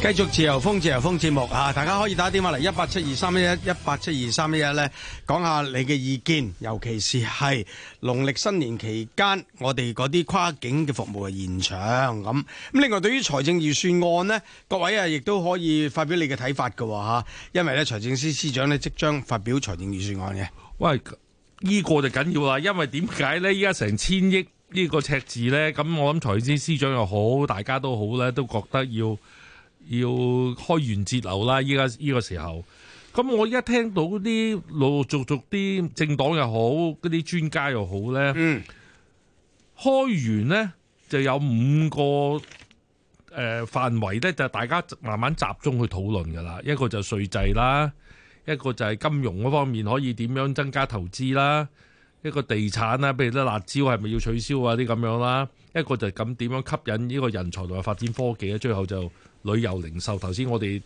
繼續自由風自由風節目啊！大家可以打電話嚟一八七二三一一一八七二三一一咧，講下你嘅意見，尤其是係農曆新年期間，我哋嗰啲跨境嘅服務嘅現場咁。咁另外，對於財政預算案呢，各位啊，亦都可以發表你嘅睇法㗎吓，因為咧財政司司長咧即將發表財政預算案嘅。喂，呢個就緊要啦，因為點解咧？依家成千億呢個赤字咧，咁我諗財政司司長又好，大家都好咧，都覺得要。要開源節流啦！依家呢個時候，咁我一聽到啲陸陸續續啲政黨又好，嗰啲專家又好咧、嗯，開源咧就有五個、呃、範圍咧，就大家慢慢集中去討論噶啦。一個就稅制啦，一個就係金融嗰方面可以點樣增加投資啦，一個地產啦，譬如咧辣招係咪要取消啊？啲咁樣啦，一個就係咁點樣吸引呢個人才同埋發展科技咧，最後就。旅遊零售，頭先我哋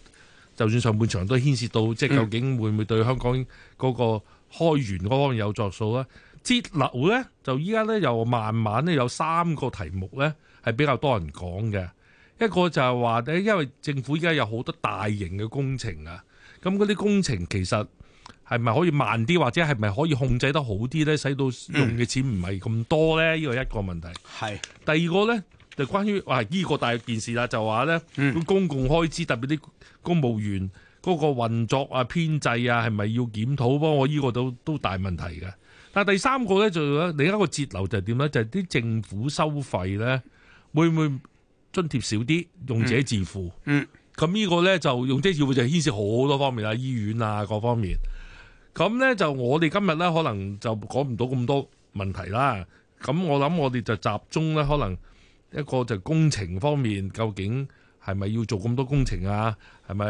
就算上半場都牽涉到，即係究竟會唔會對香港嗰個開源嗰方面有著數啊？節流咧，就依家咧又慢慢咧有三個題目咧係比較多人講嘅。一個就係話咧，因為政府依家有好多大型嘅工程啊，咁嗰啲工程其實係咪可以慢啲，或者係咪可以控制得好啲咧，使到用嘅錢唔係咁多咧？呢個一個問題。係。第二個咧。關於啊依個大件事啦，就話咧、嗯、公共開支，特別啲公務員嗰個運作啊、編制啊，係咪要檢討？幫我依個都都大問題嘅。但係第三個咧就呢另一個節流就係點咧，就啲、係、政府收費咧會唔會津貼少啲，用者自負？咁、嗯嗯、呢個咧就用者自負就牽涉好多方面啦，醫院啊各方面。咁咧就我哋今日咧可能就講唔到咁多問題啦。咁我諗我哋就集中咧可能。一個就工程方面，究竟係咪要做咁多工程啊？係咪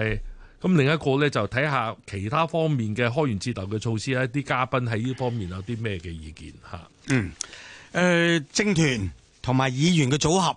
咁，另一個咧，就睇下其他方面嘅開源節流嘅措施咧。啲嘉賓喺呢方面有啲咩嘅意見吓？嗯，誒、呃、政團同埋議員嘅組合。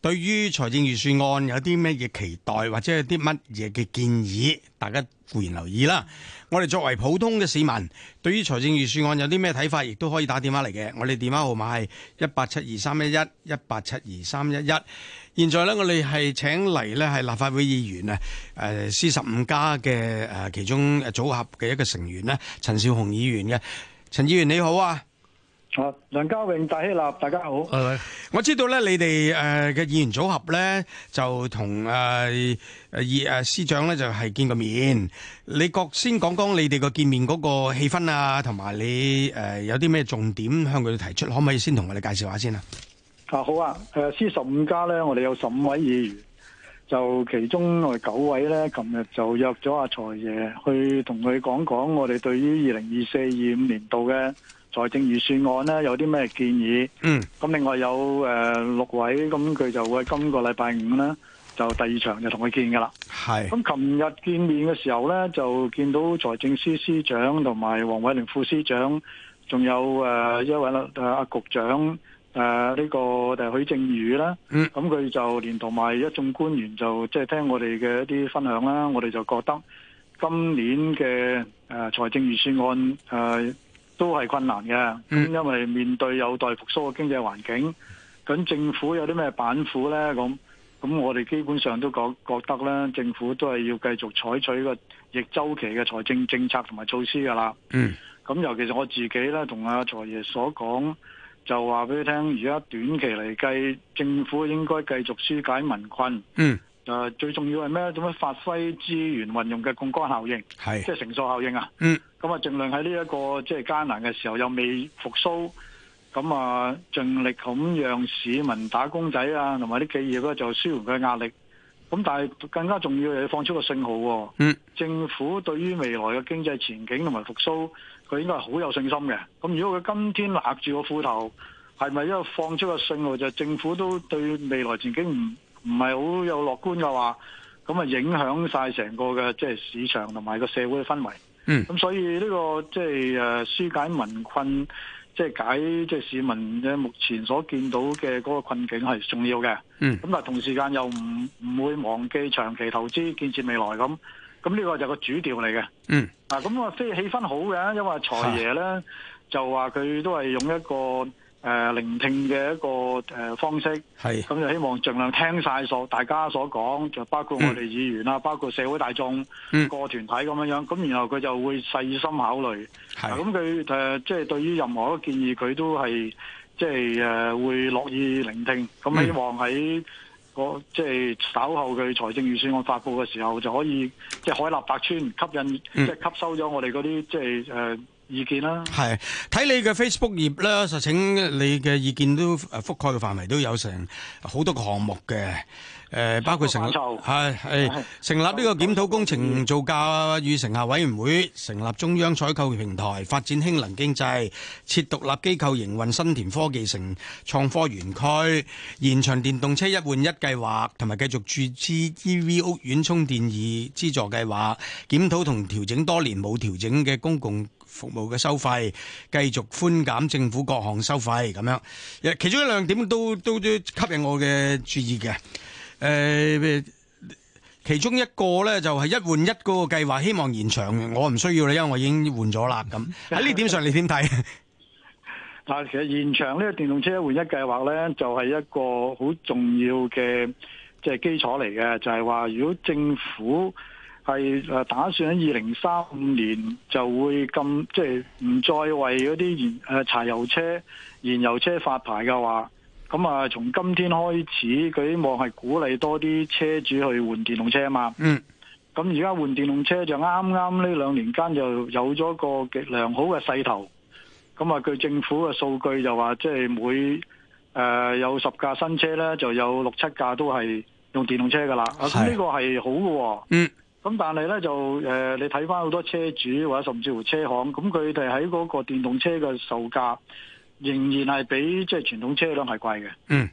對於財政預算案有啲咩嘢期待，或者有啲乜嘢嘅建議，大家固然留意啦。我哋作為普通嘅市民，對於財政預算案有啲咩睇法，亦都可以打電話嚟嘅。我哋電話號碼係一八七二三一一一八七二三一一。現在呢，我哋係請嚟呢係立法會議員啊，誒 C 十五加嘅誒其中組合嘅一個成員呢，陳紹雄議員嘅。陳議員你好啊！梁家榮、戴希立，大家好。 我知道咧，你哋誒嘅議員組合咧，就同誒誒司長咧就係見個面。你覺先講講你哋個見面嗰個氣氛啊，同埋你誒有啲咩重點向佢哋提出，可唔可以先同我哋介紹下先啊？啊，好啊。誒，C 十五加咧，我哋有十五位議員，就其中我哋九位咧，琴日就約咗阿財爺去同佢講講我哋對於二零二四二五年度嘅。財政預算案咧有啲咩建議？嗯，咁另外有誒、呃、六位，咁佢就會今個禮拜五咧就第二場就同佢見㗎啦。係，咁琴日見面嘅時候咧，就見到財政司司長同埋黃偉綸副司長，仲有誒、呃、一位啦，阿、啊、局長，誒、呃、呢、這個就許正宇啦。咁、嗯、佢就連同埋一眾官員就即係、就是、聽我哋嘅一啲分享啦。我哋就覺得今年嘅誒、呃、財政預算案誒。呃都係困難嘅，咁因為面對有待復甦嘅經濟環境，咁政府有啲咩板斧呢？咁咁我哋基本上都覺覺得呢，政府都係要繼續採取個逆周期嘅財政政策同埋措施噶啦。嗯，咁尤其是我自己呢，同阿財爺所講，就話俾你聽，而家短期嚟計，政府應該繼續疏解民困。嗯，誒、呃、最重要係咩咧？點樣發揮資源運用嘅槓桿效應？即係乘數效應啊？嗯。咁啊，盡量喺呢一個即係艱難嘅時候又未復蘇，咁啊盡力咁讓市民、打工仔啊，同埋啲企業咧就舒緩佢嘅壓力。咁但係更加重要又要放出個信號，哦。嗯，政府對於未來嘅經濟前景同埋復蘇，佢應該係好有信心嘅。咁如果佢今天勒住個褲頭，係咪因為放出個信號就是，政府都對未來前景唔唔係好有樂觀嘅話，咁啊影響晒成個嘅即係市場同埋個社會嘅氛圍？嗯，咁所以呢個即係誒紓解民困，即係解即係市民咧目前所見到嘅嗰個困境係重要嘅。嗯，咁但係同時間又唔唔會忘記長期投資建設未來咁，咁呢個就係個主調嚟嘅。嗯，嗱咁啊，即係氣氛好嘅，因為財爺咧就話佢都係用一個。誒、呃，聆聽嘅一個誒、呃、方式，係咁就希望盡量聽晒所大家所講，就包括我哋議員啦、嗯，包括社會大眾、嗯，個團體咁樣樣，咁然後佢就會細心考慮，係咁佢誒，即係、呃就是、對於任何嘅建議，佢都係即係誒會樂意聆聽，咁、嗯嗯、希望喺、那個即係、就是、稍後佢財政預算案發布嘅時候，就可以即係、就是、海納百川，吸引、嗯、即係吸收咗我哋嗰啲即係誒。就是呃意見啦、啊，係睇你嘅 Facebook 頁咧，實請你嘅意見都覆蓋嘅範圍都有成好多個項目嘅。誒、呃，包括成立成立呢個檢討工程造價與成效委員會，成立中央採購平台，發展氫能經濟，設獨立機構營運新田科技城創科園區，延長電動車一換一計劃，同埋繼續注資 EV 屋苑充電易資助計劃，檢討同調整多年冇調整嘅公共。服務嘅收費繼續寬減，政府各項收費咁樣，誒，其中一兩點都都都吸引我嘅注意嘅。誒，其中一個咧就係一換一嗰個計劃，希望延長。我唔需要啦，因為我已經換咗啦。咁喺呢點上你點睇？嗱，其實延長呢個電動車一換一計劃咧，就係一個好重要嘅即係基礎嚟嘅，就係話如果政府，係誒，打算喺二零三五年就會禁，即係唔再為嗰啲燃誒柴油車、燃油車發牌嘅話，咁啊，從今天開始，佢希望係鼓勵多啲車主去換電動車啊嘛。嗯。咁而家換電動車就啱啱呢兩年間就有咗個極良好嘅勢頭。咁啊，據政府嘅數據就話，即係每誒、呃、有十架新車咧，就有六七架都係用電動車噶啦。咁呢個係好嘅、哦。嗯。咁但係咧就誒、呃，你睇翻好多車主或者甚至乎車行，咁佢哋喺嗰個電動車嘅售價仍然係比即係傳統車輛係貴嘅。嗯，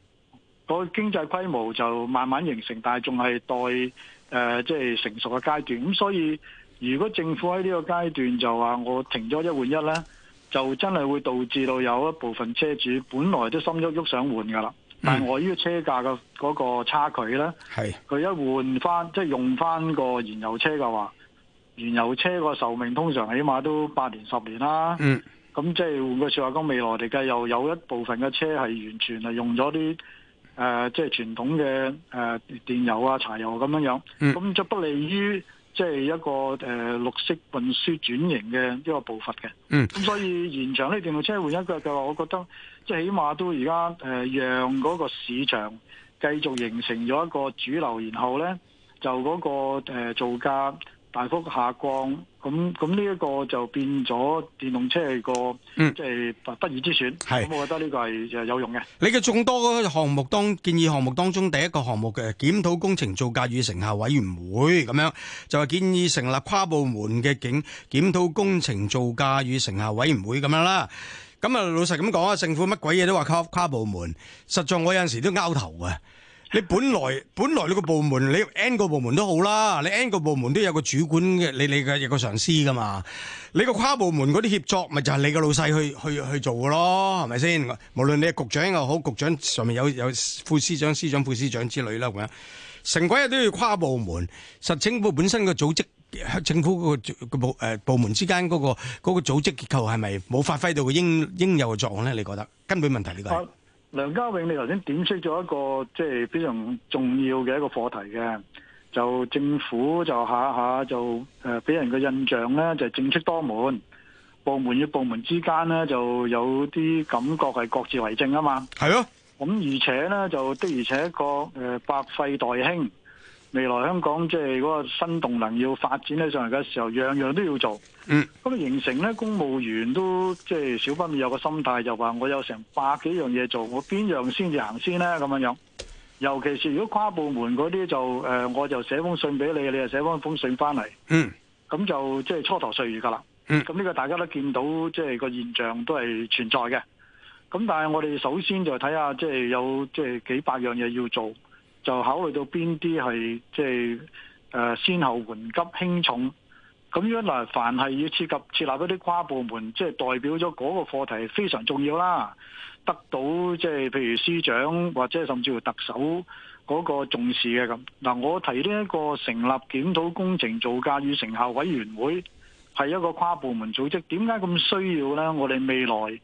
個經濟規模就慢慢形成，但係仲係待誒即係成熟嘅階段。咁所以如果政府喺呢個階段就話我停咗一換一咧，就真係會導致到有一部分車主本來都心喐喐想換噶啦。但係我呢個車價嘅嗰個差距咧，係佢一換翻即係用翻個燃油車嘅話，燃油車個壽命通常起碼都八年十年啦。嗯，咁即係換句說話講，未來嚟計又有一部分嘅車係完全係用咗啲誒，即係傳統嘅誒、呃、電油啊、柴油咁、啊、樣樣。咁、嗯、就不利於。即係一個誒綠色運輸轉型嘅一個步伐嘅，咁所以現場呢電動車換一個就話，我覺得即係起碼都而家誒讓嗰個市場繼續形成咗一個主流，然後咧就嗰個誒造價大幅下降，咁咁呢一個就變咗電動車係個即係不不二之選，咁我覺得呢個係就係有用嘅。你嘅眾多項目當建議項目當中第一個項目嘅檢討工程造價與成效委員會咁樣，就係建議成立跨部門嘅檢檢討工程造價與成效委員會咁樣啦。咁啊，老實咁講啊，政府乜鬼嘢都話跨跨部門，實在我有陣時都拗頭啊！你本來本來你個部門，你 N 個部門都好啦，你 N 個部門都有個主管嘅，你你嘅一個上司噶嘛？你個跨部門嗰啲協作，咪就係你個老細去去去做嘅咯，係咪先？無論你係局長又好，局長上面有有副司長、司長、副司長之類啦，成鬼日都要跨部門。實政府本身個組織，政府個個部誒部門之間嗰個嗰個組織結構係咪冇發揮到個應應有嘅作用咧？你覺得根本問題呢個？.梁家永，你頭先點出咗一個即係非常重要嘅一個課題嘅，就政府就下下就誒俾、呃、人嘅印象呢，就政、是、式多門，部門與部門之間呢，就有啲感覺係各自為政啊嘛。係咯、啊，咁而且呢，就的而且確誒、呃、百廢待興。未來香港即係嗰個新動能要發展起上嚟嘅時候，樣樣都要做。嗯，咁啊形成咧，公務員都即係、就是、少不免有個心態，就話我有成百幾樣嘢做，我邊樣先至行先咧咁樣樣。尤其是如果跨部門嗰啲，就、呃、誒，我就寫封信俾你，你就寫封信翻嚟。嗯，咁就即係蹉跎歲月噶啦。嗯，咁呢個大家都見到，即、就、係、是、個現象都係存在嘅。咁但係我哋首先就睇下，即、就、係、是、有即係、就是、幾百樣嘢要做。就考慮到邊啲係即係誒先後緩急輕重。咁樣，嗱，凡係要涉及設立一啲跨部門，即係代表咗嗰個課題非常重要啦，得到即係譬如司長或者甚至乎特首嗰個重視嘅咁。嗱，我提呢一個成立檢討工程造價與成效委員會係一個跨部門組織，點解咁需要呢？我哋未來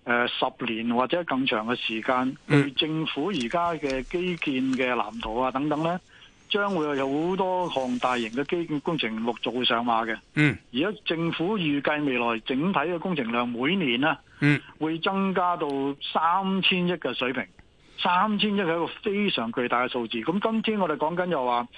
誒、呃，十年或者更長嘅時間，對政府而家嘅基建嘅藍圖啊，等等呢，將會有好多項大型嘅基建工程陸續會上馬嘅。嗯，而家政府預計未來整體嘅工程量每年呢、啊、嗯，會增加到三千億嘅水平。三千億係一個非常巨大嘅數字。咁今天我哋講緊又話，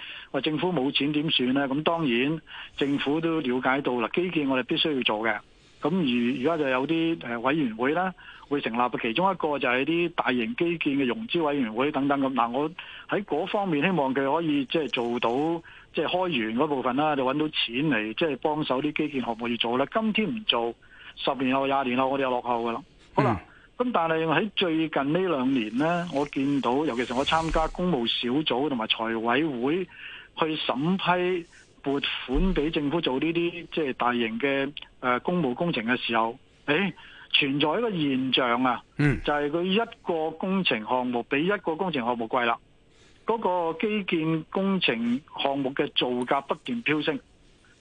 政府冇錢點算呢？咁當然政府都了解到啦，基建我哋必須要做嘅。咁而而家就有啲誒委員會啦，會成立嘅。其中一個就係啲大型基建嘅融資委員會等等咁。嗱，我喺嗰方面希望佢可以即係做到，即係開源嗰部分啦、啊，就揾到錢嚟即係幫手啲基建項目要做啦。今天唔做，十年後、廿年後我哋又落後噶啦、嗯。好啦，咁但係喺最近呢兩年呢，我見到，尤其是我參加公務小組同埋財委會去審批。撥款俾政府做呢啲即係大型嘅誒工務工程嘅時候，誒、哎、存在一個現象啊，就係、是、佢一個工程項目比一個工程項目貴啦。嗰、那個基建工程項目嘅造價不斷飆升，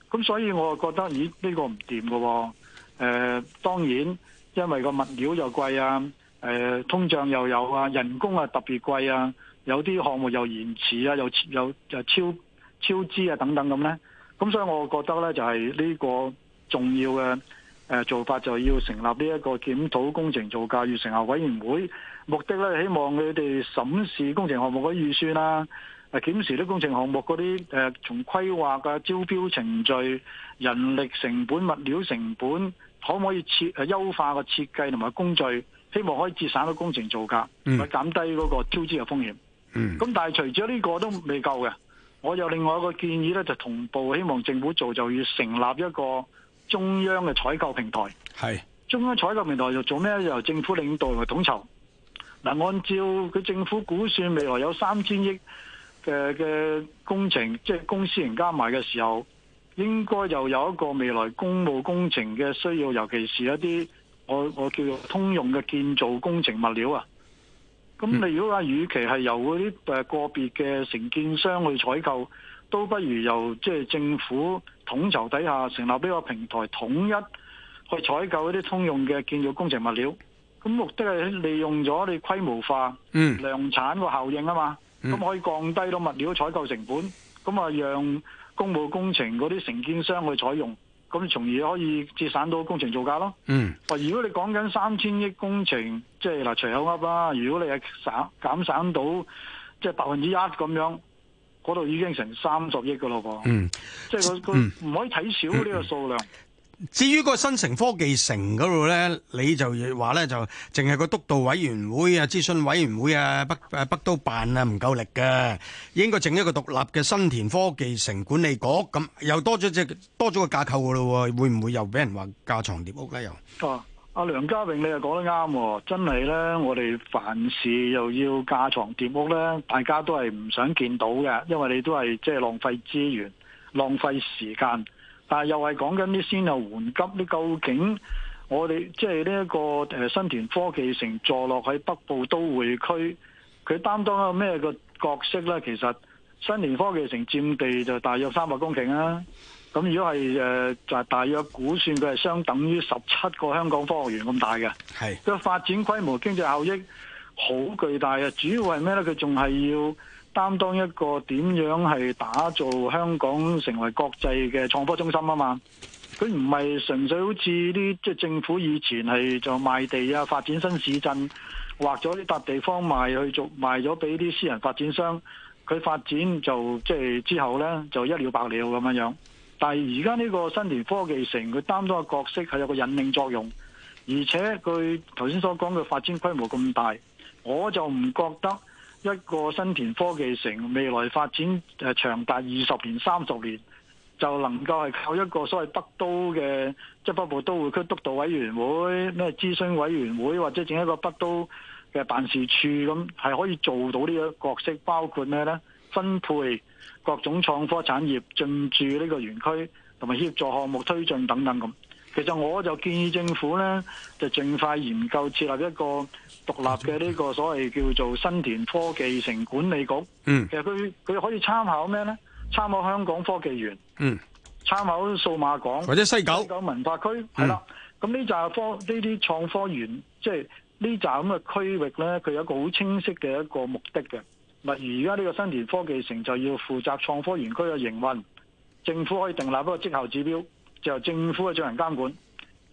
咁所以我就覺得咦呢、這個唔掂噶。誒、呃，當然因為個物料又貴啊，誒、呃、通脹又有啊，人工啊特別貴啊，有啲項目又延遲啊，又又，又超。超支啊，等等咁呢，咁所以我覺得呢，就係、是、呢個重要嘅做法，就要成立呢一個檢討工程造價與成效委員會，目的呢，希望佢哋審視工程項目嗰預算啦，檢視啲工程項目嗰啲誒從規劃啊、招標程序、人力成本、物料成本，可唔可以設優優化個設計同埋工序，希望可以節省到工程造價，或減低嗰個超支嘅風險。咁、嗯、但係除咗呢個都未夠嘅。我有另外一個建議咧，就同步希望政府做，就要成立一個中央嘅採購平台。係中央採購平台就做咩？由政府領導同埋統籌。嗱，按照佢政府估算，未來有三千億嘅嘅工程，即係公私營加埋嘅時候，應該又有一個未來公務工程嘅需要，尤其是一啲我我叫做通用嘅建造工程物料啊。咁、嗯、你如果話，與其係由嗰啲誒個別嘅承建商去採購，都不如由即係政府統籌底下成立呢個平台，統一去採購嗰啲通用嘅建造工程物料。咁目的係利用咗你規模化、嗯，量產個效應啊嘛，咁可以降低到物料採購成本，咁啊，讓公務工程嗰啲承建商去採用。咁從而可以節省到工程造價咯。嗯，如果你講緊三千億工程，即係嗱除口噏啦，如果你係省減省到即係百分之一咁樣，嗰度已經成三十億噶咯喎。嗯，即係佢佢唔可以睇少呢個數量。嗯嗯嗯至於嗰個新城科技城嗰度咧，你就話咧就淨係個督導委員會啊、諮詢委員會啊、北北都辦啊，唔夠力嘅，應該整一個獨立嘅新田科技城管理局，咁又多咗隻多咗個架構噶咯喎，會唔會又俾人話架床疊屋咧？又啊，阿梁家榮，你又講得啱喎，真係咧，我哋凡事又要架床疊屋咧，大家都係唔想見到嘅，因為你都係即係浪費資源、浪費時間。但又係講緊啲先後緩急，呢究竟我哋即係呢一個新田科技城坐落喺北部都會區，佢擔當一個咩個角色呢？其實新田科技城佔地就大約三百公頃啦、啊。咁如果係就大約估算佢係相等於十七個香港科學園咁大嘅，佢發展規模經濟效益好巨大啊！主要係咩呢？佢仲係要。擔當一個點樣係打造香港成為國際嘅創科中心啊嘛，佢唔係純粹好似啲即係政府以前係就賣地啊，發展新市鎮，劃咗啲笪地方賣去做，賣咗俾啲私人發展商，佢發展就即係、就是、之後呢，就一了百了咁樣樣。但係而家呢個新田科技城，佢擔當嘅角色係有個引領作用，而且佢頭先所講嘅發展規模咁大，我就唔覺得。一個新田科技城未來發展誒長達二十年、三十年，就能夠係靠一個所謂北都嘅即係北部都會區督導委員會、咩諮詢委員會，或者整一個北都嘅辦事處咁，係可以做到呢個角色。包括咩呢？分配各種創科產業進駐呢個園區，同埋協助項目推進等等咁。其實我就建議政府呢，就盡快研究設立一個。獨立嘅呢個所謂叫做新田科技城管理局，嗯、其實佢佢可以參考咩呢？參考香港科技園，參、嗯、考數碼港或者西九西九文化區，係、嗯、啦。咁呢扎科呢啲創科園，即係呢笪咁嘅區域呢，佢有一個好清晰嘅一個目的嘅。例如而家呢個新田科技城就要負責創科園區嘅營運，政府可以訂立一個績效指標，就由政府去進行監管。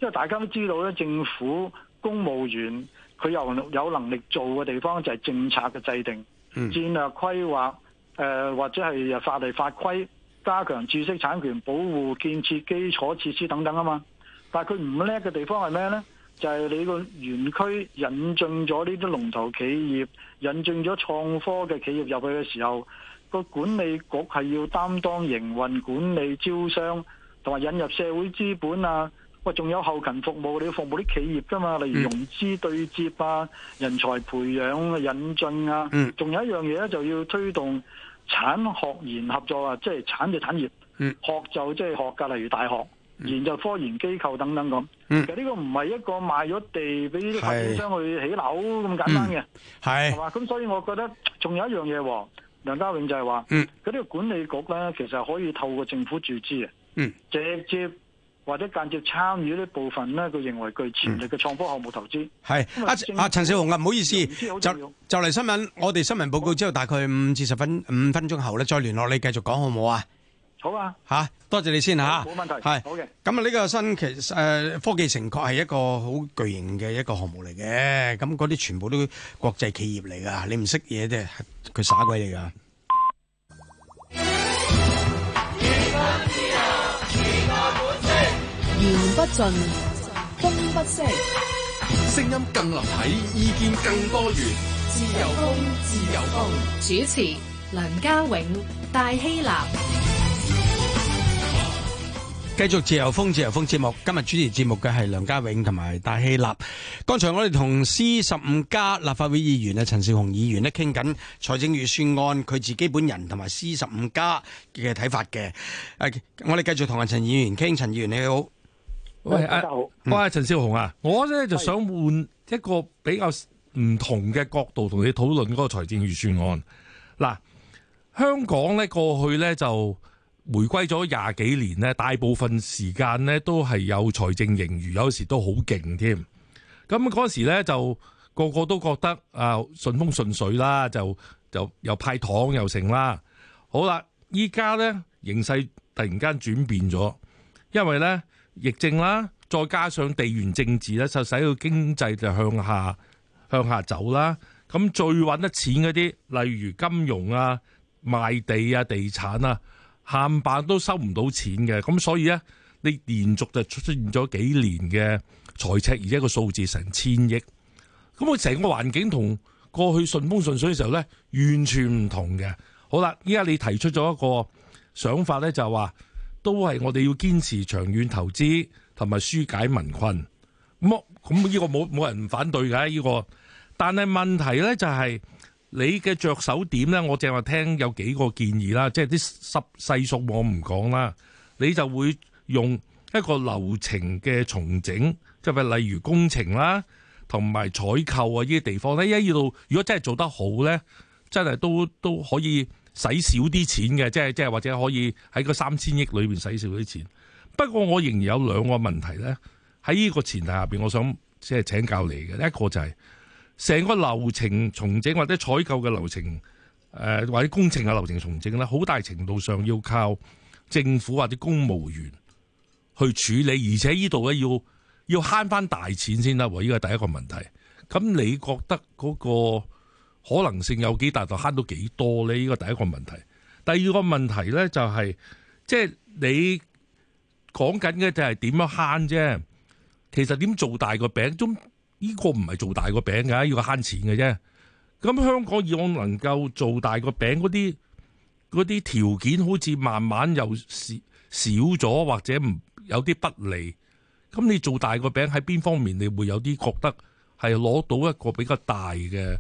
因為大家都知道咧，政府公務員。佢有有能力做嘅地方就係政策嘅制定、嗯、戰略規劃、誒、呃、或者係法例法規、加強知識產權保護、建設基礎設施等等啊嘛。但係佢唔叻嘅地方係咩呢？就係、是、你個園區引進咗呢啲龍頭企業、引進咗創科嘅企業入去嘅時候，個管理局係要擔當營運管理、招商同埋引入社會資本啊。喂，仲有後勤服務，你要服務啲企業噶嘛？例如融資對接啊、人才培養引進啊，嗯，仲有一樣嘢咧，就要推動產學研合作啊，即係產就產業，嗯，學就即係學噶，例如大學，研、嗯、就科研機構等等咁，嗯，呢、這個唔係一個賣咗地俾啲發展商去起樓咁簡單嘅。係、嗯，係嘛，咁所以我覺得仲有一樣嘢，梁家永就係話，嗯，呢啲管理局咧，其實可以透過政府注資嘅，嗯，直接。或者間接參與呢部分咧，佢認為具潛力嘅創科項目投資係阿阿陳紹雄啊，唔好意思，就就嚟新聞，我哋新聞報告之後大概五至十分五分鐘後咧，再聯絡你繼續講好唔好啊？好啊吓，多謝你先吓，冇問題，係好嘅。咁啊，呢個新期誒科技城確係一個好巨型嘅一個項目嚟嘅，咁嗰啲全部都國際企業嚟㗎，你唔識嘢啫，佢耍鬼嚟㗎。言不盡，風不息，聲音更立體，意見更多元。自由風，自由風。主持梁家永、戴希立，繼續自由風，自由風節目。今日主持節目嘅係梁家永同埋戴希立。剛才我哋同 C 十五加立法會議員啊，陳紹雄議員咧傾緊財政預算案，佢自己本人同埋 C 十五加嘅睇法嘅。誒、呃，我哋繼續同陳議員傾。陳議員你好。喂、啊好，喂，陳紹雄啊，嗯、我咧就想換一個比較唔同嘅角度同你討論嗰個財政預算案。嗱、嗯啊，香港咧過去咧就回歸咗廿幾年咧，大部分時間咧都係有財政盈餘，有時都好勁添。咁嗰陣時咧就個個都覺得啊順風順水啦，就就又派糖又成啦。好啦，依家咧形勢突然間轉變咗，因為咧。疫症啦，再加上地緣政治咧，就使到經濟就向下、向下走啦。咁最揾得錢嗰啲，例如金融啊、賣地啊、地產啊，冚唪唥都收唔到錢嘅。咁所以咧，你連續就出現咗幾年嘅財赤，而且個數字成千億。咁佢成個環境同過去順風順水嘅時候咧，完全唔同嘅。好啦，依家你提出咗一個想法咧，就係話。都係我哋要堅持長遠投資同埋紓解民困，咁咁呢個冇冇人反對㗎。呢、呢個。但係問題咧就係、是、你嘅着手點咧，我淨係話聽有幾個建議啦，即係啲世俗我唔講啦。你就會用一個流程嘅重整，即係例如工程啦，同埋採購啊呢啲地方咧，一要到如果真係做得好咧，真係都都可以。使少啲錢嘅，即係即係或者可以喺個三千億裏邊使少啲錢。不過我仍然有兩個問題咧，喺呢個前提下邊，我想即係請教你嘅。第一個就係、是、成個流程重整或者採購嘅流程，誒、呃、或者工程嘅流程重整啦，好大程度上要靠政府或者公務員去處理，而且呢度咧要要慳翻大錢先得喎。呢個係第一個問題。咁你覺得嗰、那個？可能性有幾大就慳到幾多咧？呢個第一個問題，第二個問題咧就係即係你講緊嘅就係點樣慳啫？其實點做大個餅？呢個唔係做大個餅嘅，要慳錢嘅啫。咁香港以往能夠做大個餅，嗰啲嗰啲條件好似慢慢又少少咗，或者唔有啲不利。咁你做大個餅喺邊方面，你會有啲覺得係攞到一個比較大嘅？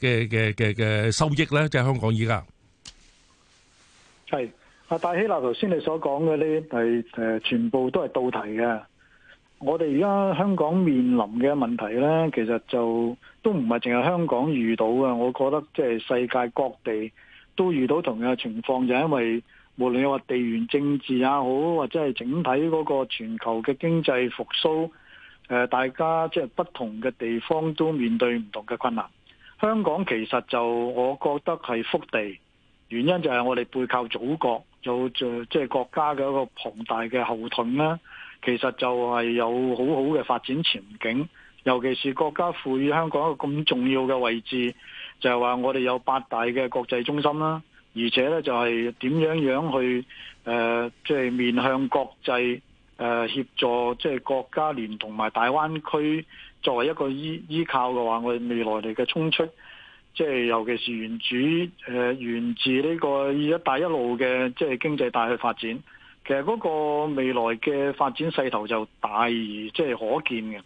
嘅嘅嘅嘅收益咧，即係香港依家係阿戴希娜頭先你所講嘅呢，係誒、呃，全部都係到題嘅。我哋而家香港面臨嘅問題咧，其實就都唔係淨係香港遇到嘅。我覺得即係世界各地都遇到同樣嘅情況，就係、是、因為無論你話地緣政治也好或者係整體嗰個全球嘅經濟復甦，誒、呃，大家即係不同嘅地方都面對唔同嘅困難。香港其實就我覺得係福地，原因就係我哋背靠祖國，有即係國家嘅一個龐大嘅後盾啦。其實就係有好好嘅發展前景，尤其是國家賦予香港一個咁重要嘅位置，就係話我哋有八大嘅國際中心啦，而且呢就係點樣樣去，即係、呃就是、面向國際。誒，協助即係國家連同埋大灣區作為一個依依靠嘅話，我哋未來嚟嘅衝出，即係尤其是源自誒源自呢個一帶一路嘅即係經濟帶去發展，其實嗰個未來嘅發展勢頭就大而即係可見嘅。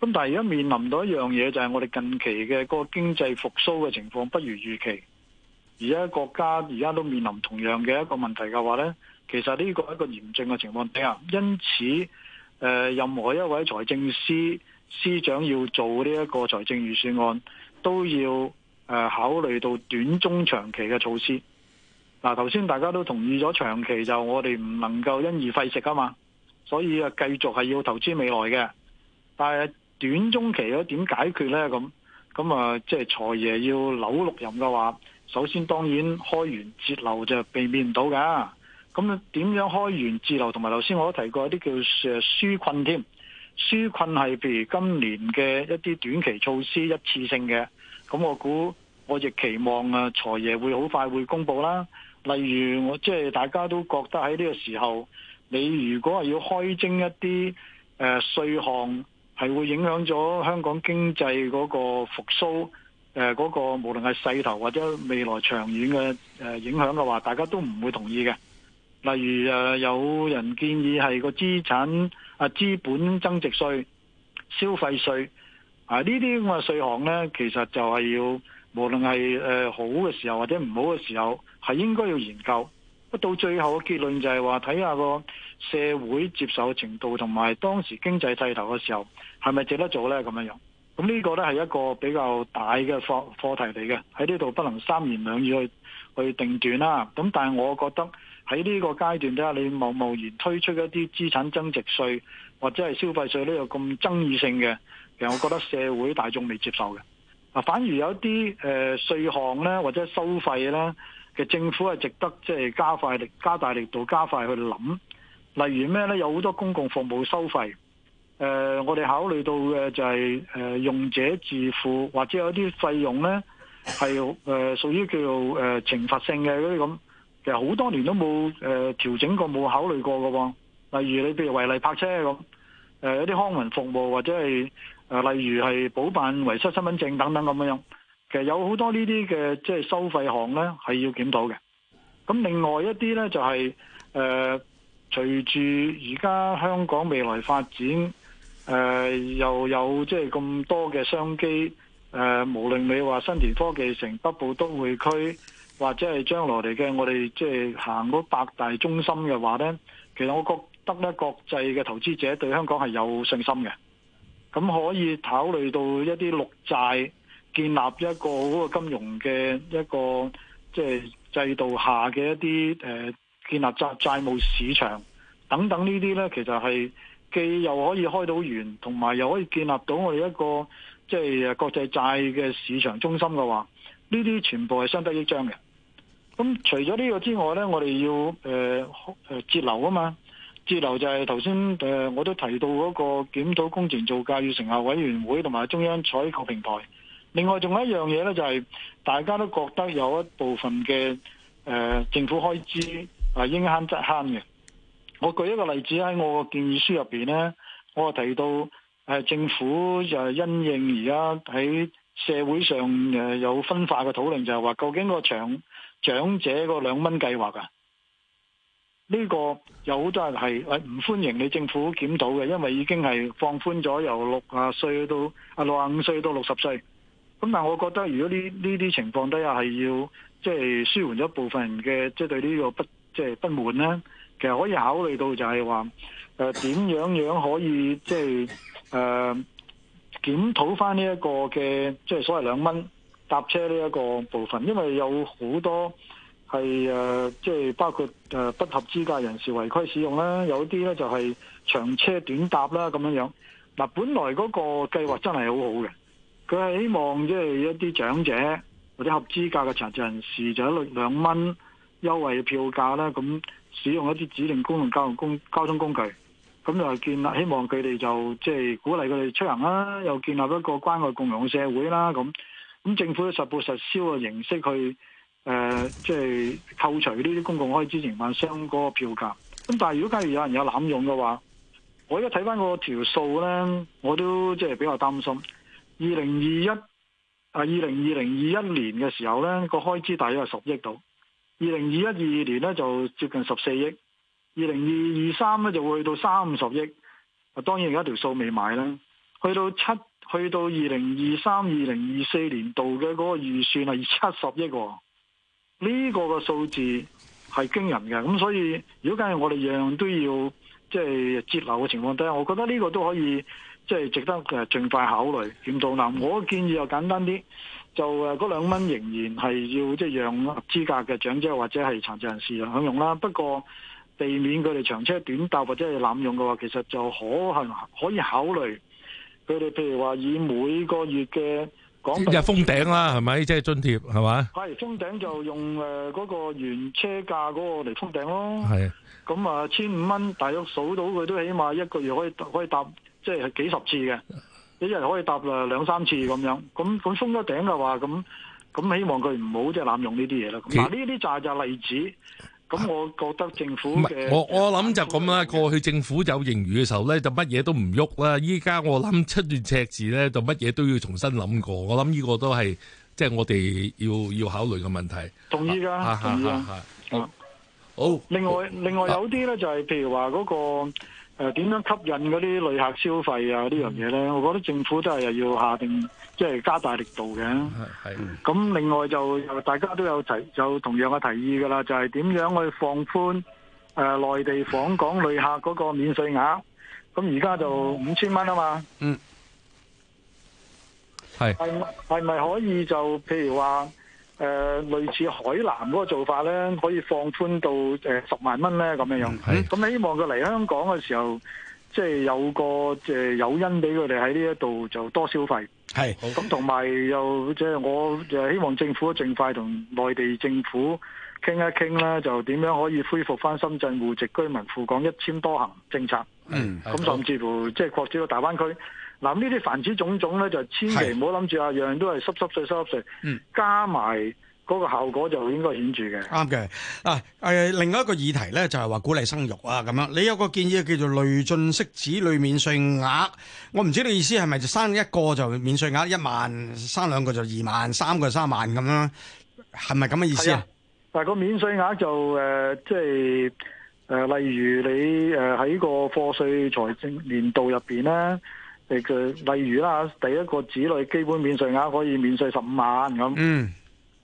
咁但係而家面臨到一樣嘢，就係我哋近期嘅個經濟復甦嘅情況不如預期，而家國家而家都面臨同樣嘅一個問題嘅話咧。其實呢個係一個嚴峻嘅情況底下，因此誒、呃，任何一位財政司司長要做呢一個財政預算案，都要誒、呃、考慮到短中長期嘅措施。嗱、啊，頭先大家都同意咗，長期就我哋唔能夠因噎廢食啊嘛，所以啊，繼續係要投資未來嘅。但係短中期嗰點解決呢？咁咁啊，即係財爺要扭六壬嘅話，首先當然開源節流就避免唔到噶。咁點樣開源節流？同埋，頭先我都提過一啲叫誒紓困添，紓困係譬如今年嘅一啲短期措施，一次性嘅。咁我估我亦期望啊財爺會好快會公布啦。例如我即係大家都覺得喺呢個時候，你如果係要開徵一啲誒稅項，係會影響咗香港經濟嗰個復甦誒嗰個，無論係勢頭或者未來長遠嘅誒影響嘅話，大家都唔會同意嘅。例如誒有人建議係個資產啊資本增值稅，消費稅啊呢啲咁嘅稅項呢，其實就係要無論係誒好嘅時候或者唔好嘅時候，係應該要研究。到最後嘅結論就係話睇下個社會接受程度同埋當時經濟勢頭嘅時候，係咪值得做呢？咁樣樣咁呢個呢係一個比較大嘅課課題嚟嘅，喺呢度不能三言兩語去去定斷啦。咁但係我覺得。喺呢個階段下，睇下你貿貿然推出一啲資產增值稅或者係消費稅咧，有咁爭議性嘅，其實我覺得社會大眾未接受嘅。啊，反而有一啲誒稅項咧，或者收費咧嘅政府係值得即係加快力加大力度加快去諗。例如咩咧？有好多公共服務收費，誒我哋考慮到嘅就係誒用者自付，或者有啲費用咧係誒屬於叫做誒懲罰性嘅嗰啲咁。其實好多年都冇誒調整過，冇考慮過嘅喎。例如你譬如違例泊車咁，誒一啲康文服務或者係誒例如係補辦遺失身份證等等咁樣樣。其實有好多呢啲嘅即係收費項咧係要檢討嘅。咁另外一啲咧就係、是、誒、呃、隨住而家香港未來發展誒、呃、又有即係咁多嘅商機誒、呃，無論你話新田科技城、北部都會區。或者係將來嚟嘅，我哋即係行嗰八大中心嘅話呢，其實我覺得咧，國際嘅投資者對香港係有信心嘅。咁可以考慮到一啲綠債，建立一個好嘅金融嘅一個即係、就是、制度下嘅一啲建立債債務市場等等呢啲呢，其實係既又可以開到源，同埋又可以建立到我哋一個即係、就是、國際債嘅市場中心嘅話，呢啲全部係相得益彰嘅。咁除咗呢個之外呢，我哋要誒節、呃、流啊嘛，節流就係頭先誒我都提到嗰個檢討工程造價與成效委員會同埋中央採購平台。另外仲有一樣嘢呢，就係大家都覺得有一部分嘅誒、呃、政府開支係應慳則慳嘅。我舉一個例子，喺我嘅建議書入邊呢，我提到誒、呃、政府就係因應而家喺。社會上誒有分化嘅討論，就係話究竟個長長者個兩蚊計劃㗎？呢個有好多人係誒唔歡迎你政府檢討嘅，因為已經係放寬咗由六啊歲到啊六啊五歲到六十歲。咁但係我覺得，如果呢呢啲情況底下係要即係舒緩咗部分人嘅即係對呢個不即係、就係、不滿咧，其實可以考慮到就係話誒點樣樣可以即係誒。呃檢討翻呢一個嘅即係所謂兩蚊搭車呢一個部分，因為有好多係誒即係包括誒不合資格人士違規使用啦，有啲咧就係長車短搭啦咁樣樣。嗱，本來嗰個計劃真係好好嘅，佢係希望即係一啲長者或者合資格嘅殘疾人士，就一律兩蚊優惠票價啦。咁使用一啲指定公共交通工交通工具。咁就建立希望佢哋就即係、就是、鼓勵佢哋出行啦，又建立一個關愛共融社會啦，咁咁政府都實報實銷嘅形式去，誒、呃，即、就、係、是、扣除呢啲公共開支，營運商嗰個票價。咁但係如果假如有人有濫用嘅話，我而家睇翻個條數咧，我都即係比較擔心。二零二一啊，二零二零二一年嘅時候咧，個開支大約係十億度，二零二一二二年咧就接近十四億。二零二二三咧就會去到三十億，啊當然有一條數未買啦。去到七，去到二零二三、二零二四年度嘅嗰個預算係七十億喎、哦。呢、呢個嘅數字係驚人嘅。咁所以如果梗係我哋樣樣都要即係節流嘅情況底下，我覺得呢個都可以即係、就是、值得誒盡快考慮。點做？嗱，我建議又簡單啲，就誒嗰兩蚊仍然係要即係、就是、合資格嘅長者或者係殘疾人士享用啦。不過，避免佢哋長車短搭或者係濫用嘅話，其實就可行可以考慮佢哋，譬如話以每個月嘅講，即係封頂啦，係咪即係津貼係咪係封頂就用誒嗰個原車價嗰個嚟封頂咯。係咁啊，千五蚊，大約數到佢都起碼一個月可以可以搭，即係幾十次嘅，一日可以搭兩三次咁樣。咁咁封咗頂嘅話，咁咁希望佢唔好即係濫用呢啲嘢啦。嗱，呢啲就係就例子。咁我覺得政府嘅，我我諗就咁啦、嗯。過去政府有盈餘嘅時候咧，就乜嘢都唔喐啦。依家我諗出段赤字咧，就乜嘢都要重新諗過。我諗呢個都係即係我哋要要考慮嘅問題。同意㗎、啊啊，同意㗎、啊。好。另外、哦、另外有啲咧、啊、就係、是、譬如話嗰、嗰個。誒、呃，點樣吸引嗰啲旅客消費啊？呢樣嘢呢，我覺得政府真係又要下定，即係加大力度嘅。係咁另外就大家都有提，就同樣嘅提議噶啦，就係點樣去放寬誒內地訪港旅客嗰個免稅額？咁而家就五千蚊啊嘛。嗯。係。係係咪可以就譬如話？誒、呃、類似海南嗰個做法咧，可以放寬到誒、呃、十萬蚊咧咁樣樣。係、嗯，咁希望佢嚟香港嘅時候，即、就、係、是、有個誒、呃、誘因俾佢哋喺呢一度就多消費。係，咁同埋又即係我誒、呃、希望政府盡快同內地政府傾一傾啦，就點樣可以恢復翻深圳戶籍居民赴港一簽多行政策。嗯，咁甚至乎即係擴展到大灣區。嗱，呢啲凡此種種咧，就千祈唔好諗住啊，樣樣都係濕濕碎濕濕碎，加埋嗰個效果就應該顯著嘅。啱嘅啊，誒，另外一個議題咧，就係話鼓勵生育啊，咁樣你有個建議叫做累進式子女免稅額，我唔知你意思係咪就生一個就免稅額一萬，生兩個就二萬，三個就三萬咁樣，係咪咁嘅意思啊？但係個免稅額就誒，即係誒，例如你誒喺個課稅財政年度入邊咧。誒，例如啦，第一個子女基本免稅額可以免稅十五萬咁，嗯，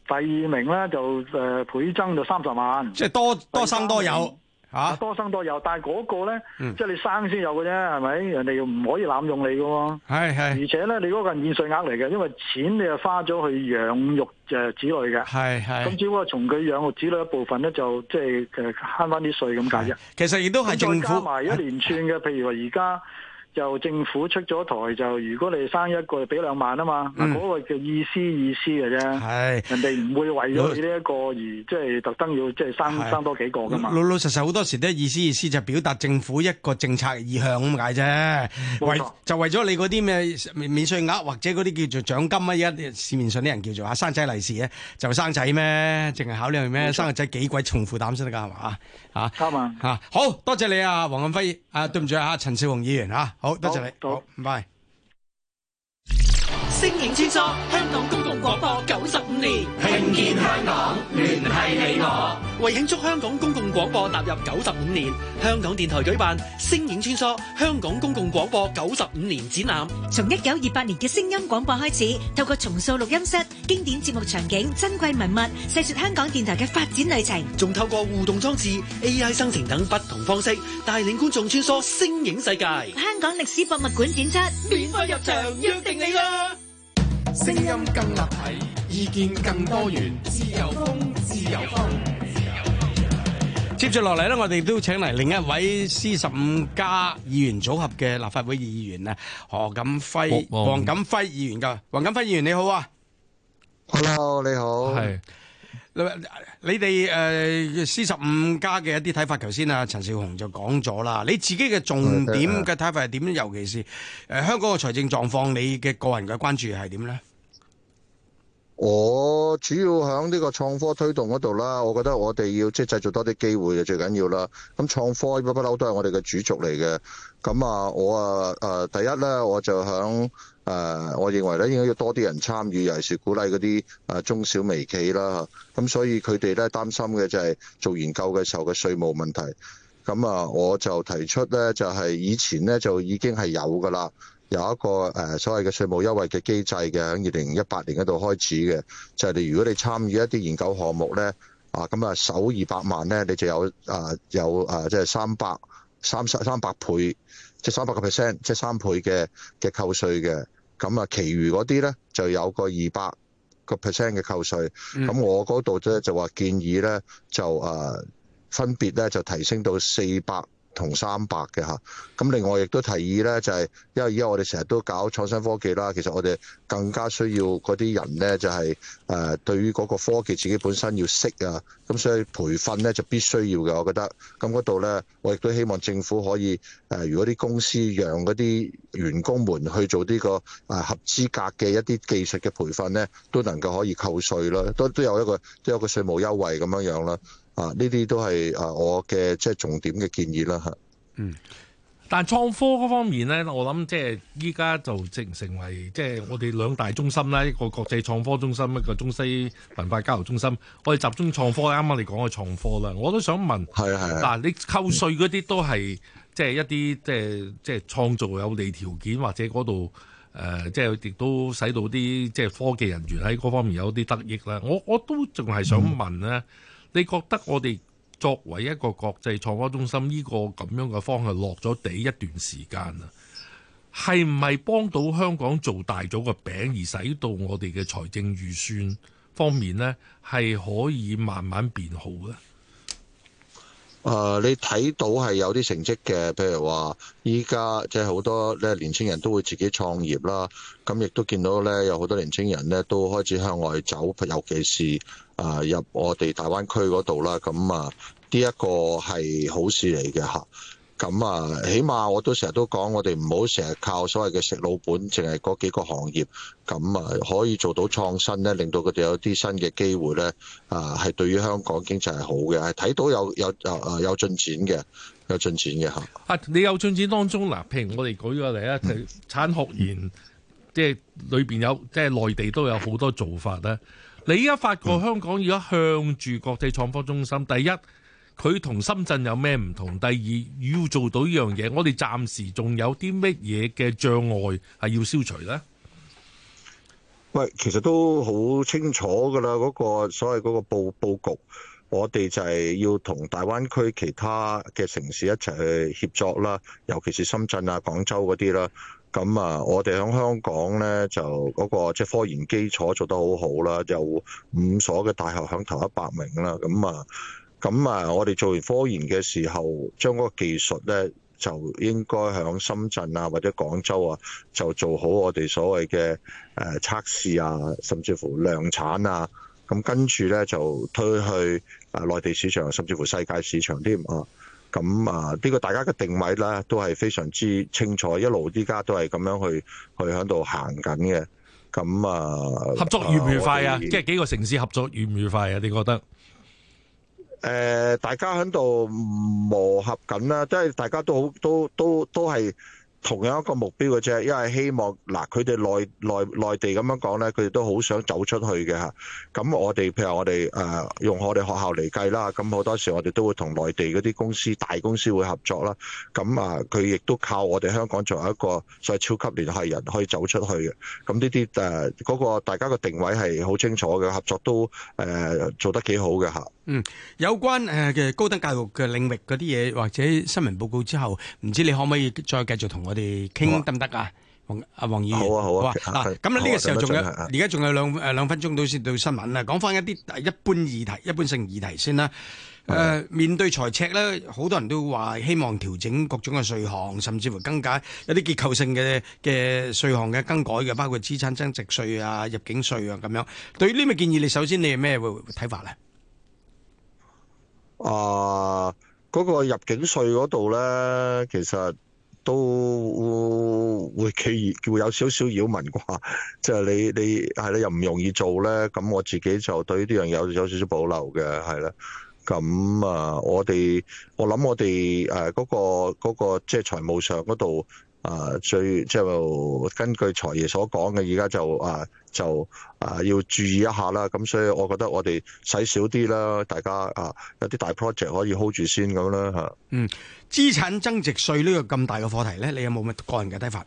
第二名咧就誒、呃、倍增就三十萬，即係多多生多有吓，啊，多生多有。但係嗰個咧，即、嗯、係、就是、你生先有嘅啫，係咪？人哋又唔可以濫用你嘅喎。係係，而且咧，你嗰個係免稅額嚟嘅，因為錢你係花咗去養育誒子女嘅，係係。咁只不過從佢養育子女一部分咧，就即係誒慳翻啲稅咁解啫。其實亦都係政府再加埋一連串嘅， 譬如話而家。就政府出咗台就，如果你生一個俾兩萬啊嘛，嗰、嗯嗰個叫意思意思嘅啫，人哋唔會為咗你呢一個而即係、就是、特登要即係生生多幾個噶嘛。老老實實，好多時都意思意思就表達政府一個政策意向咁解啫，為就為咗你嗰啲咩免稅額或者嗰啲叫做獎金啊，而家市面上啲人叫做啊生仔利是咧，就生仔咩？淨係考慮咩？生個仔幾鬼重負擔，先得噶係嘛？啊，嘛？好多謝你啊，黃錦輝，啊對唔住啊，陳紹雄議員啊。好，多謝，謝你，好，拜拜。星影穿梭，香港公共廣播九十五年，聽見香港，聯繫你我。為慶祝香港公共廣播踏入九十五年，香港電台舉辦《聲影穿梭香港公共廣播九十五年展覽》。從一九二八年嘅聲音廣播開始，透過重塑錄音室、經典節目場景、珍貴文物，細說香港電台嘅發展旅程。仲透過互動裝置、AI 生成等不同方式，帶領觀眾穿梭聲影世界。香港歷史博物館展出，免費入場，約定你啦！聲音更立體，意見更多元，自由風，自由風。接住落嚟咧，我哋都請嚟另一位 C 十五加議員組合嘅立法會議員啊，何錦輝、黃錦輝議員噶黃錦輝議員你好啊，Hello 你好係你哋誒 C 十五加嘅一啲睇法，頭先啊。陳紹雄就講咗啦，你自己嘅重點嘅睇法係點咧？尤其是誒香港嘅財政狀況，你嘅個人嘅關注係點咧？我主要喺呢個創科推動嗰度啦，我覺得我哋要即係製造多啲機會就最緊要啦。咁創科不不嬲都係我哋嘅主軸嚟嘅。咁啊，我啊誒第一咧，我就喺誒，我認為咧應該要多啲人參與，尤其是鼓勵嗰啲誒中小微企啦。咁所以佢哋咧擔心嘅就係做研究嘅時候嘅稅務問題。咁啊，我就提出咧就係以前咧就已經係有噶啦。有一個誒所謂嘅稅務優惠嘅機制嘅，喺二零一八年嗰度開始嘅，就係你如果你參與一啲研究項目咧，啊咁啊首二百萬咧，你就有啊有啊即係三百三三三百倍，即係三百個 percent，即係三倍嘅嘅扣稅嘅。咁啊，其餘嗰啲咧就有個二百個 percent 嘅扣稅。咁我嗰度咧就話建議咧就啊分別咧就提升到四百。同三百嘅吓，咁另外亦都提議咧，就係因為而家我哋成日都搞創新科技啦，其實我哋更加需要嗰啲人咧，就係誒對於嗰個科技自己本身要識啊，咁所以培訓咧就必須要嘅，我覺得。咁嗰度咧，我亦都希望政府可以誒，如果啲公司讓嗰啲員工們去做呢個誒合資格嘅一啲技術嘅培訓咧，都能夠可以扣稅啦，都都有一個都有個稅務優惠咁樣樣啦。啊！呢啲都係啊，我嘅即係重點嘅建議啦，嚇。嗯，但係創科嗰方面咧，我諗即係依家就成成，成為即係、即係、我哋兩大中心啦，一個國際創科中心，一個中西文化交流中心。我哋集中創科，啱啱你講嘅創科啦，我都想問係啊嗱，係係係但你扣稅嗰啲都係即係一啲即係即係創造有利條件，或者嗰度誒，即係亦都使到啲即係科技人員喺嗰方面有啲得益啦。我我都仲係想問咧。嗯你覺得我哋作為一個國際創科中心呢個咁樣嘅方向落咗地一段時間啦，係唔係幫到香港做大咗個餅，而使到我哋嘅財政預算方面呢，係可以慢慢變好？誒，你睇到係有啲成績嘅，譬如話，依家即係好多咧年青人都會自己創業啦，咁亦都見到咧有好多年青人咧都開始向外走，尤其是誒入我哋大灣區嗰度啦，咁啊，呢一個係好事嚟嘅嚇。咁啊，起碼我都成日都講，我哋唔好成日靠所謂嘅食老本，淨係嗰幾個行業，咁啊可以做到創新咧，令到佢哋有啲新嘅機會咧，啊，係對於香港經濟係好嘅，係睇到有有有有進展嘅，有進展嘅吓啊，你有進展當中嗱、啊，譬如我哋舉個例啊，就、嗯、產學研，即係裏邊有，即係內地都有好多做法咧，你依家發覺香港，而家向住國際創科中心，第一。佢同深圳有咩唔同？第二要做到呢樣嘢，我哋暫時仲有啲乜嘢嘅障礙，係要消除咧？喂，其實都好清楚噶啦。嗰個所謂嗰個布，佈局，我哋就係要同大灣區其他嘅城市一齊去協作啦，尤其是深圳啊、廣州嗰啲啦。咁啊，我哋響香港咧就嗰個即係科研基礎做得好好啦，有五所嘅大學響頭一百名啦。咁啊～咁啊，我哋做完科研嘅時候，將嗰個技術咧，就應該喺深圳啊，或者廣州啊，就做好我哋所謂嘅誒測試啊，甚至乎量產啊。咁跟住咧，就推去啊內地市場，甚至乎世界市場添啊。咁啊，呢個大家嘅定位呢都係非常之清楚，一路依家都係咁樣去去喺度行緊嘅。咁啊，合作愉唔愉快啊？即係幾個城市合作愉唔愉快啊？你覺得？誒、呃，大家喺度磨合緊啦，即係大家都好，都都都係同樣一個目標嘅啫，因為希望嗱，佢哋內內內地咁樣講咧，佢哋都好想走出去嘅嚇。咁我哋譬如我哋誒、呃、用我哋學校嚟計啦，咁好多時我哋都會同內地嗰啲公司大公司會合作啦。咁啊，佢、呃、亦都靠我哋香港作為一個所謂超級聯繫人，可以走出去嘅。咁呢啲誒嗰個大家嘅定位係好清楚嘅，合作都誒、呃、做得幾好嘅嚇。嗯，有關誒嘅、呃、高等教育嘅領域嗰啲嘢，或者新聞報告之後，唔知你可唔可以再繼續同我？我哋傾得唔得啊？黃阿黃議員，好啊好啊。嗱，咁呢、啊啊啊啊、個時候仲有，而家仲有兩誒兩分鐘到先到新聞啊。講翻一啲一般議題、一般性議題先啦。誒、啊呃，面對財赤咧，好多人都話希望調整各種嘅稅項，甚至乎更改一啲結構性嘅嘅稅項嘅更改嘅，包括資產增值稅啊、入境稅啊咁樣。對於呢個建議，你首先你係咩睇法咧？啊，嗰、嗰個入境稅嗰度咧，其實。都企幾會有少少擾民啩，即、就、係、是、你你係咧又唔容易做咧，咁我自己就對呢樣嘢有有少少保留嘅，係啦。咁啊，我哋我諗我哋誒嗰個即係、那個就是、財務上嗰度啊，最即係、就是、根據財爺所講嘅，而家就啊。就啊、呃、要注意一下啦，咁所以我覺得我哋使少啲啦，大家啊有啲大 project 可以 hold 住先咁啦吓。嗯，資產增值稅呢個咁大嘅課題咧，你有冇咩個人嘅睇法？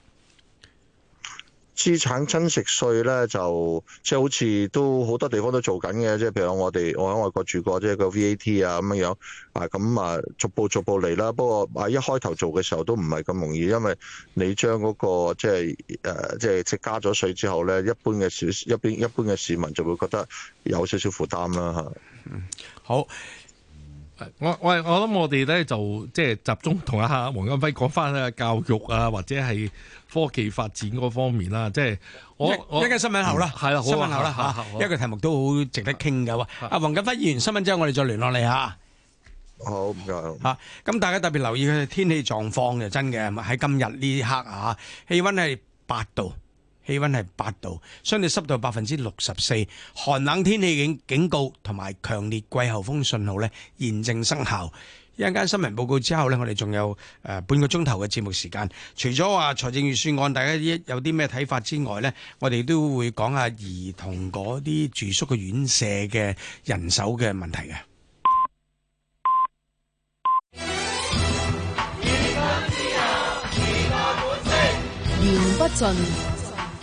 資產增值稅咧，就即係好似都好多地方都做緊嘅，即係譬如我哋我喺外國住過，即係個 VAT 啊咁樣，啊咁啊逐步逐步嚟啦。不過啊，一開頭做嘅時候都唔係咁容易，因為你將嗰個即係誒即係即加咗稅之後咧，一般嘅市一邊一般嘅市民就會覺得有少少負擔啦吓。嗯，好。我喂，我諗我哋咧就即係集中同阿黃錦輝講翻教育啊，或者係科技發展嗰方面啦，即、就、係、是、我一件新聞後啦，係、嗯、啦、啊，新聞後啦、啊啊啊啊啊，一個題目都好值得傾噶喎。阿黃錦輝議員，新聞之後我哋再聯絡你吓。好唔該。吓，咁、啊、大家特別留意佢嘅天氣狀況就真嘅，喺今日呢一刻啊，氣溫係八度。氣溫係八度，相對濕度百分之六十四，寒冷天氣警警告同埋強烈季候風信號咧，現正生效。一陣間新聞報告之後咧，我哋仲有誒半個鐘頭嘅節目時間。除咗話財政預算案，大家有啲咩睇法之外呢，我哋都會講下兒童嗰啲住宿嘅院舍嘅人手嘅問題嘅。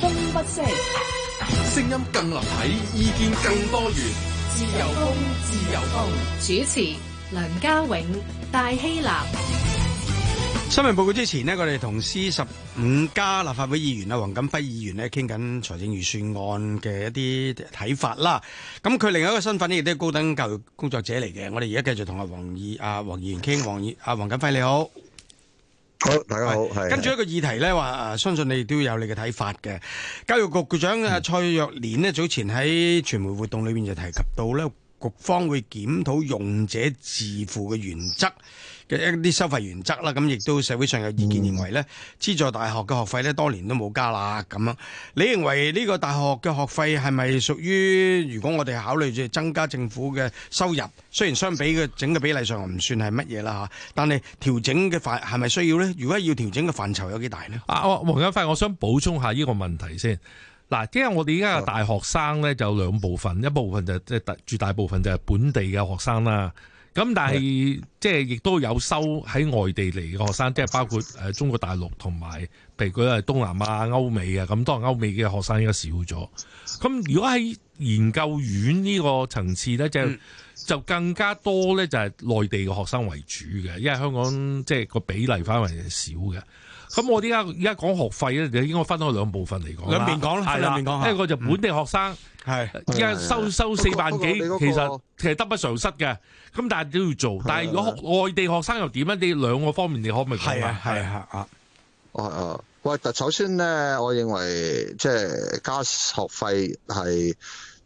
風不息，聲音更立體，意見更多元。自由風，自由風。主持梁家永、戴希立。新聞報告之前呢，我哋同 C 十五加立法會議員啊，黃錦輝議員咧，傾緊財政預算案嘅一啲睇法啦。咁佢另外一個身份咧，亦都係高等教育工作者嚟嘅。我哋而家繼續同阿黃議、阿、啊、黃議員傾，黃議、黃錦輝你好。好，大家好。跟住一個議題呢，話、啊、誒，相信你都有你嘅睇法嘅。教育局局長蔡若蓮呢，早前喺傳媒活動裏面就提及到呢，局方會檢討用者自付嘅原則。嘅一啲收費原則啦，咁亦都社會上有意見認為咧，資助大學嘅學費咧多年都冇加啦，咁樣。你認為呢個大學嘅學費係咪屬於？如果我哋考慮住增加政府嘅收入，雖然相比嘅整個比例上唔算係乜嘢啦嚇，但係調整嘅範係咪需要咧？如果要調整嘅範疇有幾大咧？啊，黃錦輝，我想補充下呢個問題先。嗱，今日我哋而家嘅大學生咧就有兩部分，一部分就即係大，絕大部分就係本地嘅學生啦。咁但係即係亦都有收喺外地嚟嘅學生，即係包括誒中國大陸同埋，譬如佢係東南亞、歐美啊，咁當然歐美嘅學生應該少咗。咁如果喺研究院呢個層次咧，就就更加多咧，就係內地嘅學生為主嘅，因為香港即係個比例範圍係少嘅。咁我依家而家講學費咧，就應該分開兩部分嚟講。兩邊講啦，係，兩邊講一個就本地學生係依家收收四萬幾、那個，其實、那個、其實得不償失嘅。咁但係都要做。但係如果外地學生又點樣你兩個方面你可唔可以講啊？係啊，係啊，啊，啊，喂！但首先咧，我認為即係加學費係。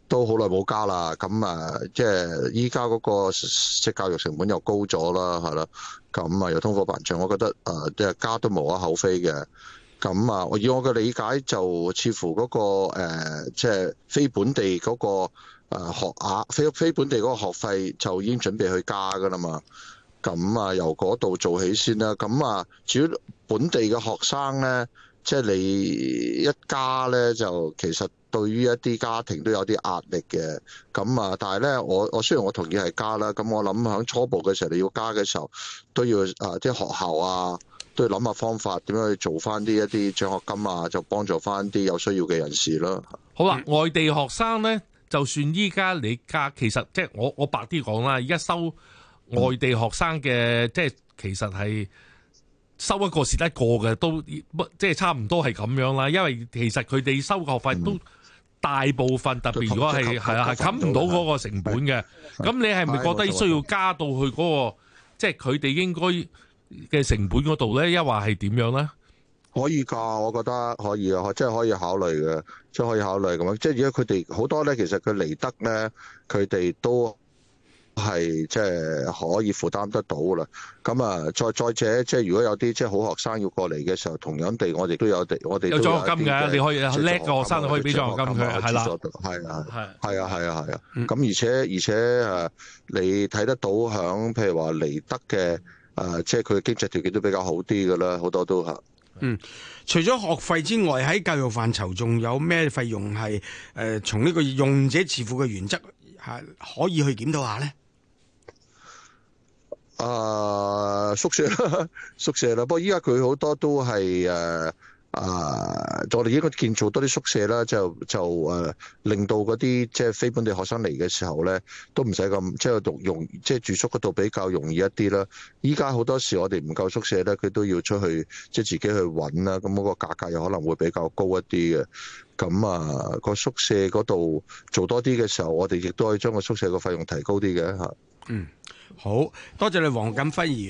都好耐冇加啦，咁啊，即係依家嗰個即教育成本又高咗啦，係啦，咁啊又通貨膨脹，我覺得啊即係加都無可厚非嘅，咁啊我以我嘅理解就似乎嗰、嗰個誒即係非本地嗰個啊學額非非本地嗰個學費就已經準備去加噶啦嘛，咁啊由嗰度做起先啦，咁啊至於本地嘅學生咧，即係你一加咧就其實。對於一啲家庭都有啲壓力嘅，咁啊，但係咧，我我雖然我同意係加啦，咁我諗喺初步嘅時候你要加嘅時候，都要啊即係、呃、學校啊，都要諗下方法點樣去做翻啲一啲獎學金啊，就幫助翻啲有需要嘅人士啦。好啦、嗯，外地學生咧，就算依家你加，其實即係我我白啲講啦，而家收外地學生嘅，即、嗯、係其實係收一個蝕一個嘅，都即係差唔多係咁樣啦。因為其實佢哋收嘅學費都、嗯大部分特別如果係係啊，冚唔、就是、到嗰個成本嘅，咁你係咪覺得需要加到去、那、嗰個，即係佢哋應該嘅成本嗰度咧，一話係點樣咧？可以㗎，我覺得可以啊，即係可以考慮嘅，即係可以考慮咁樣。即係如果佢哋好多咧，其實佢嚟得咧，佢哋都。係即係可以負擔得到啦。咁啊，再再者，即係如果有啲即係好學生要過嚟嘅時候，同樣地我，我哋都有地。我哋都有獎學金嘅。你可以叻個學生可以俾獎學金佢係啦。係啊，係係啊，係啊，係啊。咁、嗯、而且而且誒、呃，你睇得到響，譬如話尼德嘅誒、呃，即係佢經濟條件都比較好啲噶啦，好多都吓。嗯，除咗學費之外，喺教育範疇仲有咩費用係誒，從、呃、呢個用者自付嘅原則係可以去檢討下咧？啊、uh,，宿舍啦， 宿舍啦。不過依家佢好多都係誒，啊、uh, uh,，我哋應該建造多啲宿舍啦。就就誒，uh, 令到嗰啲即係非本地學生嚟嘅時候咧，都唔使咁即係容即係、就是、住宿嗰度比較容易一啲啦。依家好多時我哋唔夠宿舍咧，佢都要出去即係、就是、自己去揾啦。咁、那、嗰個價格又可能會比較高一啲嘅。咁啊，個宿舍嗰度做多啲嘅時候，我哋亦都可以將個宿舍個費用提高啲嘅吓嗯。好多謝你，黃錦輝議員。